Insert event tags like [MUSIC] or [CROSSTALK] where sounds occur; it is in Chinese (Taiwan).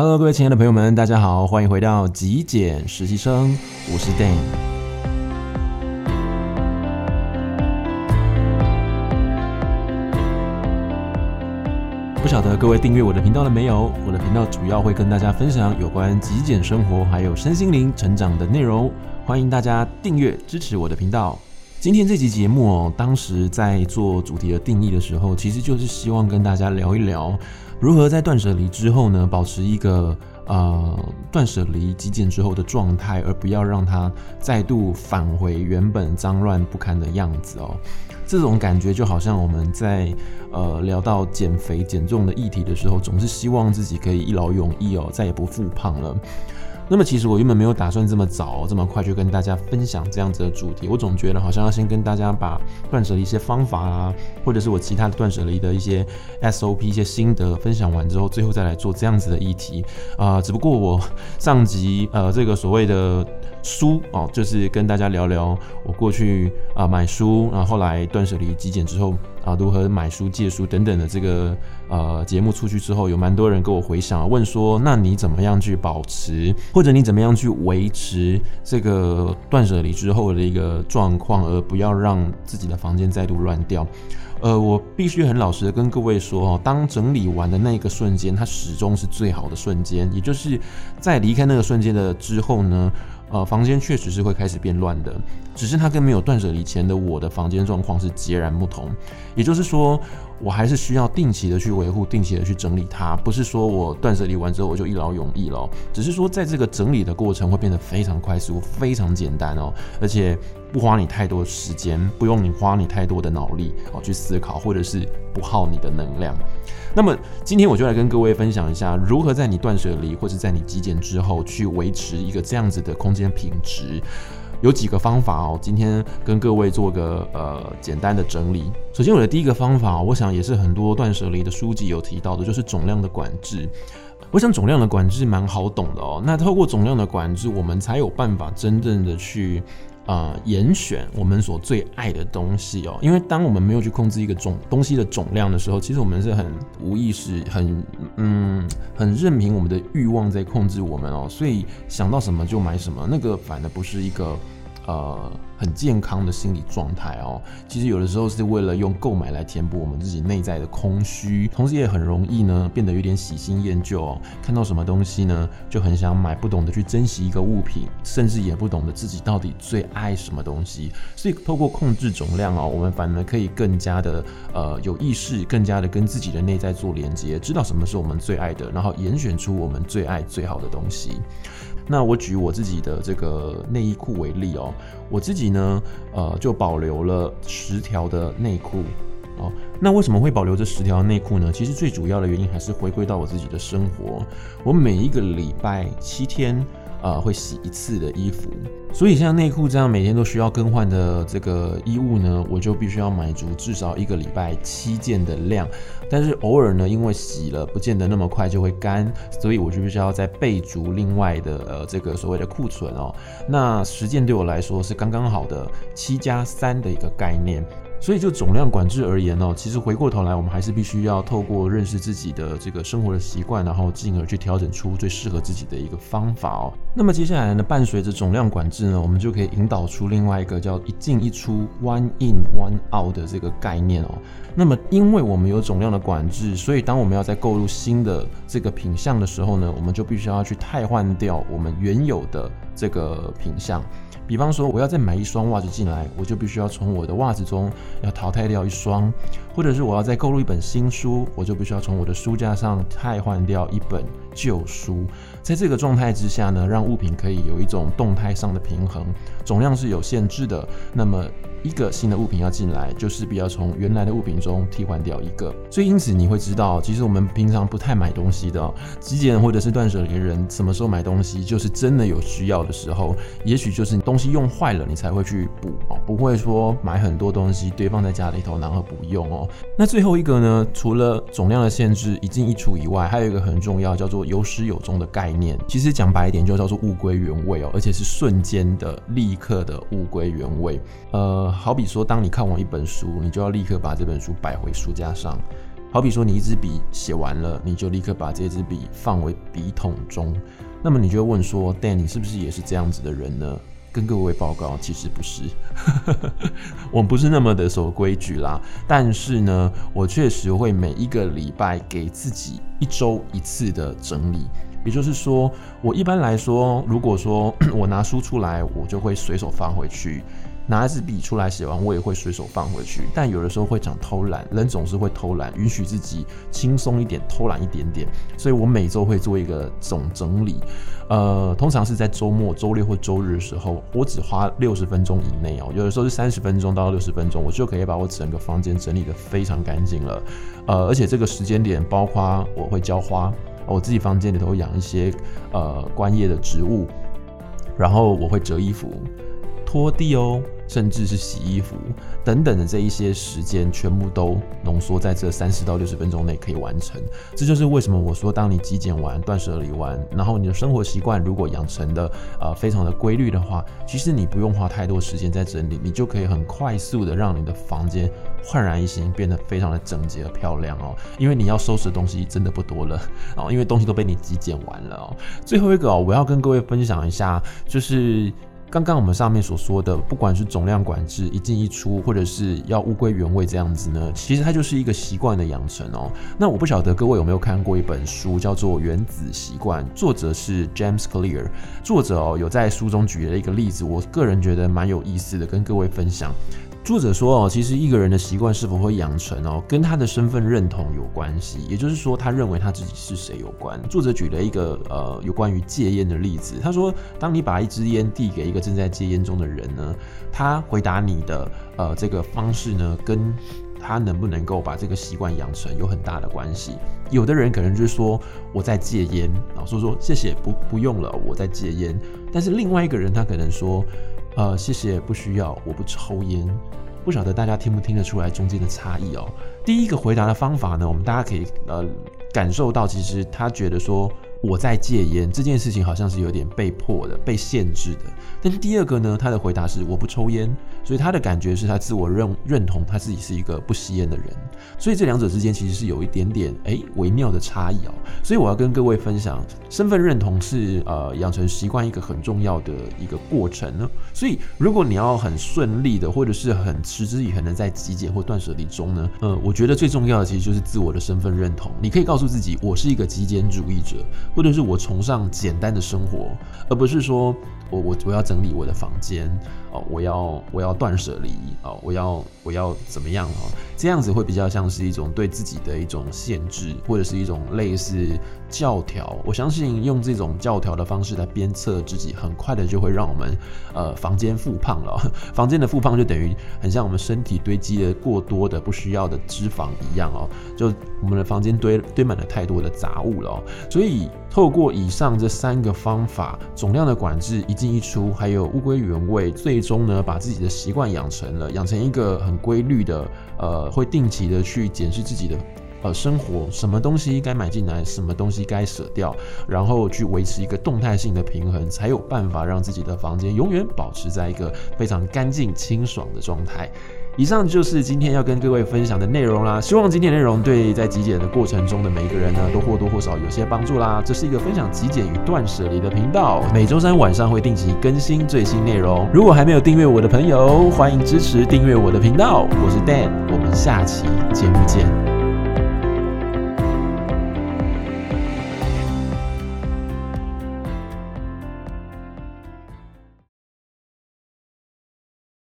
Hello，各位親愛的朋友們，大家好，歡迎回到極簡實習生，我是 Dan。不曉得各位訂閱我的頻道了沒有？我的頻道主要會跟大家分享有關極簡生活，還有身心靈成長的內容。歡迎大家訂閱支持我的頻道。今天這集節目哦，當時在做主題的定義的時候，其實就是希望跟大家聊一聊。如何在斷捨離之後呢，保持一個呃斷捨離極簡之後的狀態，而不要讓它再度返回原本髒亂不堪的樣子哦。這種感覺就好像我們在呃聊到減肥減重的議題的時候，總是希望自己可以一勞永逸哦，再也不復胖了。那麼其實我原本沒有打算這麼早這麼快去跟大家分享這樣子的主題，我總覺得好像要先跟大家把斷捨離一些方法啊，或者是我其他的斷捨離的一些 SOP 一些心得分享完之後，最後再來做這樣子的議題，啊、呃，只不過我上集呃這個所謂的。書哦，就是跟大家聊聊我過去啊、呃、買書，然後後來斷舍離極簡之後啊，如何買書、借書等等的這個呃節目出去之後，有蠻多人跟我回想，問說那你怎麼樣去保持，或者你怎麼樣去維持這個斷舍離之後的一個狀況，而不要讓自己的房間再度亂掉？呃，我必須很老實的跟各位說哦，當整理完的那個瞬間，它始終是最好的瞬間，也就是在離開那個瞬間的之後呢？呃，房間確實是會開始變亂的，只是它跟沒有斷捨離前的我的房間狀況是截然不同，也就是說，我還是需要定期的去維護，定期的去整理它，不是說我斷捨離完之後我就一勞永逸了喔，只是說在這個整理的過程會變得非常快速，非常簡單哦，而且不花你太多時間，不用你花你太多的腦力哦，去思考，或者是不耗你的能量。那麼今天我就來跟各位分享一下，如何在你斷捨離或者在你極簡之後，去維持一個這樣子的空間品質。有幾個方法哦，今天跟各位做個呃簡單的整理。首先，我的第一個方法喔，我想也是很多斷捨離的書籍有提到的，就是總量的管制。我想總量的管制蠻好懂的哦。那透過總量的管制，我們才有辦法真正的去。啊、呃，嚴選我們所最愛的東西哦，因為當我們沒有去控制一個總東西的總量的時候，其實我們是很無意識，很嗯，很任憑我們的慾望在控制我們哦，所以想到什麼就買什麼，那個反而不是一個。呃，很健康的心理狀態哦。其實有的時候是為了用購買來填補我們自己內在的空虛，同時也很容易呢變得有點喜新厭舊哦。看到什麼東西呢，就很想買，不懂得去珍惜一個物品，甚至也不懂得自己到底最愛什麼東西。所以，透過控制總量哦，我們反而可以更加的呃有意識，更加的跟自己的內在做連接，知道什麼是我們最愛的，然後嚴選出我們最愛最好的東西。那我舉我自己的這個內衣褲為例哦、喔，我自己呢，呃，就保留了十條的內褲哦。那為什麼會保留這十條內褲呢？其實最主要的原因還是回歸到我自己的生活，我每一個禮拜七天啊、呃、會洗一次的衣服。所以像內褲這樣每天都需要更換的這個衣物呢，我就必須要買足至少一個禮拜七件的量。但是偶爾呢，因為洗了不見得那麼快就會乾，所以我就必須要再備足另外的呃這個所謂的庫存哦。那十件對我來說是剛剛好的七加三的一個概念。所以就總量管制而言喔，其實回過頭來，我們還是必須要透過認識自己的這個生活的習慣，然後進而去調整出最適合自己的一個方法喔。那麼接下來呢，伴隨着總量管制呢，我們就可以引導出另外一個叫一進一出 （one in one out） 的這個概念喔。那麼因為我們有總量的管制，所以當我們要再購入新的這個品項的時候呢，我們就必須要去汰換掉我們原有的。這個品項，比方說，我要再買一雙襪子進來，我就必須要從我的襪子中要淘汰掉一雙。或者是我要再購入一本新書，我就必須要從我的書架上替換掉一本舊書。在這個狀態之下呢，讓物品可以有一種動態上的平衡，總量是有限制的。那麼一個新的物品要進來，就勢必要從原來的物品中替換掉一個。所以因此你會知道，其實我們平常不太買東西的極、喔、簡或者是斷舍離人，什麼時候買東西就是真的有需要的時候，也許就是你東西用壞了，你才會去補哦、喔，不會說買很多東西堆放在家裡頭，然後不用哦、喔。那最後一個呢，除了總量的限制，一進一出以外，還有一個很重要，叫做有始有終的概念。其實講白一點，就叫做物歸原位哦，而且是瞬間的、立刻的物歸原位。呃，好比說，當你看完一本書，你就要立刻把這本書擺回書架上；好比說，你一支筆寫完了，你就立刻把這支筆放回筆筒中。那麼你就會問說，Dan，你是不是也是這樣子的人呢？跟各位報告，其實不是， [LAUGHS] 我不是那麼的守規矩啦。但是呢，我確實會每一個禮拜給自己一周一次的整理，也就是說，我一般來說，如果說 [COUGHS] 我拿書出來，我就會隨手放回去。拿一支筆出來寫完，我也會隨手放回去。但有的時候會想偷懶，人總是會偷懶，允許自己輕鬆一點，偷懶一點點。所以我每周會做一個總整理，呃，通常是在周末，周六或周日的時候，我只花六十分鐘以內哦、喔，有的時候是三十分鐘到六十分鐘，我就可以把我整個房間整理得非常乾淨了。呃，而且這個時間點，包括我會澆花，我自己房間裡頭會養一些呃觀葉的植物，然後我會折衣服。拖地哦，甚至是洗衣服等等的這一些時間，全部都濃縮在這三十到六十分鐘內可以完成。這就是為什麼我說，當你極簡完、斷舍離完，然後你的生活習慣如果養成的呃非常的規律的話，其實你不用花太多時間在整理，你就可以很快速的讓你的房間煥然一新，變得非常的整潔和漂亮哦。因為你要收拾的東西真的不多了哦，因為東西都被你極簡完了哦。最後一個哦，我要跟各位分享一下，就是。剛剛我們上面所說的，不管是總量管制、一進一出，或者是要物歸原位這樣子呢，其實它就是一個習慣的養成哦。那我不曉得各位有沒有看過一本書，叫做《原子習慣》，作者是 James Clear。作者哦有在書中舉了一個例子，我個人覺得蠻有意思的，跟各位分享。作者說哦，其實一個人的習慣是否會養成哦，跟他的身份認同有關係，也就是說，他認為他自己是誰有關。作者舉了一個呃有關於戒菸的例子，他說，當你把一支菸遞給一個正在戒菸中的人呢，他回答你的呃這個方式呢，跟他能不能夠把這個習慣養成有很大的關係。有的人可能就說我在戒菸啊，所以說，說謝謝不不用了，我在戒菸。但是另外一個人他可能說，呃，謝謝，不需要，我不抽菸，不曉得大家聽不聽得出來中間的差異哦。第一個回答的方法呢，我們大家可以呃感受到，其實他覺得說我在戒菸這件事情好像是有點被迫的、被限制的。但第二個呢，他的回答是我不抽菸。所以他的感覺是他自我認認同他自己是一個不吸煙的人，所以這兩者之間其實是有一點點誒、欸、微妙的差異哦。所以我要跟各位分享，身份認同是呃養成習慣一個很重要的一個過程呢。所以如果你要很順利的或者是很持之以恆的在極簡或斷捨離中呢，呃，我覺得最重要的其實就是自我的身份認同。你可以告訴自己，我是一個極簡主義者，或者是我崇尚簡單的生活，而不是說我我我要整理我的房間哦、呃，我要我要。啊斷捨離，我要我要怎麼樣啊、喔？這樣子會比較像是一種對自己的一種限制，或者是一種類似教條。我相信用這種教條的方式來鞭策自己，很快的就會讓我們呃房間復胖了、喔。房間的復胖就等於很像我們身體堆積了過多的不需要的脂肪一樣哦、喔，就我們的房間堆堆滿了太多的雜物了、喔，所以。透過以上這三個方法，總量的管制，一進一出，還有物歸原位，最終呢，把自己的習慣養成了，養成一個很規律的，呃，會定期的去檢視自己的，呃，生活，什麼東西該買進來，什麼東西該捨掉，然後去維持一個動態性的平衡，才有辦法讓自己的房間永遠保持在一個非常乾淨清爽的狀態。以上就是今天要跟各位分享的內容啦，希望今天內容對在極簡的過程中的每一個人呢，都或多或少有些幫助啦。這是一個分享極簡與斷捨離的頻道，每周三晚上會定期更新最新內容。如果還沒有訂閱我的朋友，歡迎支持訂閱我的頻道。我是 Dan，我們下期節目見。